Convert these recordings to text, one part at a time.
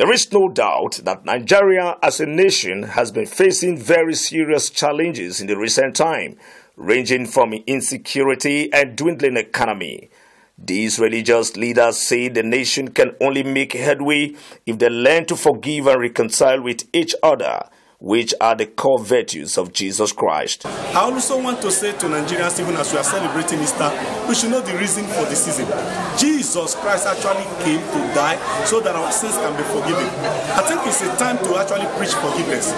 There is no doubt that Nigeria as a nation has been facing very serious challenges in the recent time, ranging from insecurity and dwindling economy. These religious leaders say the nation can only make headway if they learn to forgive and reconcile with each other which are the core virtues of Jesus Christ. I also want to say to Nigerians, even as we are celebrating Easter, we should know the reason for the season. Jesus Christ actually came to die so that our sins can be forgiven. I think it's a time to actually preach forgiveness,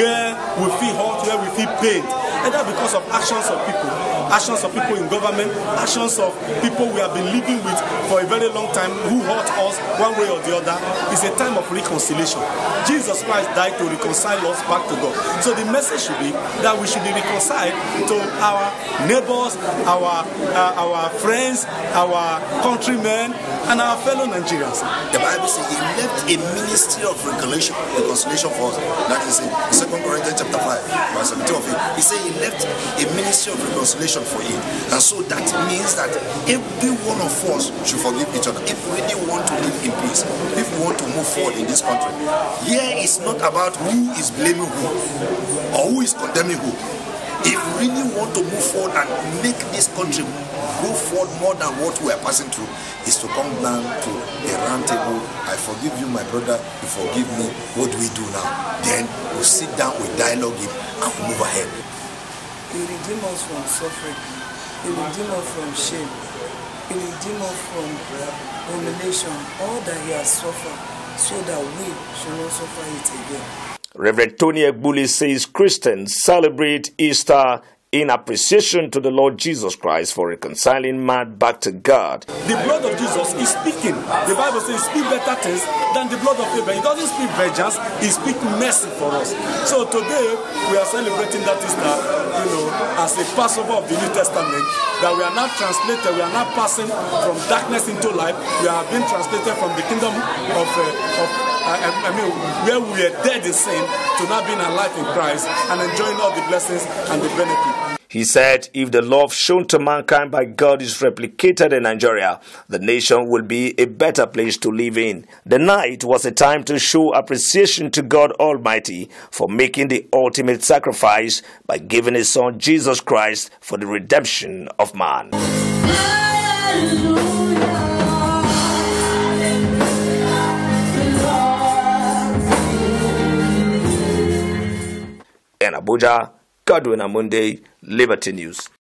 where we feel hurt, where we feel pain, either because of actions of people, actions of people in government, actions of people we have been living with for a very long time who hurt us one way or the other. It's a time of reconciliation. Jesus Christ died to reconcile us back to God. So the message should be that we should be reconciled to our neighbors, our, uh, our friends, our countrymen, and our fellow Nigerians. The Bible says he left a ministry of reconciliation, reconciliation for us. That is in 2 Corinthians chapter 5, verse 17 of it. He said he left a ministry of reconciliation for you, And so that means that every one of us should forgive each other. If we really want to live in peace, if we want to move forward in this country, here it's not about who is blamed condemning who or who is condemning who if we really want to move forward and make this country go forward more than what we are passing through is to come down to a round table i forgive you my brother you forgive me what do we do now then we we'll sit down we dialogue it and we we'll move ahead he redeem us from suffering he redeem us from shame he redeem us from humiliation all that he has suffered so that we should not suffer it again Reverend Tony Egbuli says Christians celebrate Easter in appreciation to the Lord Jesus Christ for reconciling man back to God. The blood of Jesus is speaking. The Bible says speak better things than the blood of Abel. It doesn't speak vengeance, it speaks mercy for us. So today we are celebrating that Easter, you know, as a Passover of the New Testament, that we are now translated, we are now passing from darkness into light. We are being translated from the kingdom of, uh, of uh, I, mean, where we were dead in sin to now being alive in Christ and enjoying all the blessings and the benefits. He said, if the love shown to mankind by God is replicated in Nigeria, the nation will be a better place to live in. The night was a time to show appreciation to God Almighty for making the ultimate sacrifice by giving His Son Jesus Christ for the redemption of man. Hallelujah. In Abuja, Godwin Amunde, Liberty News.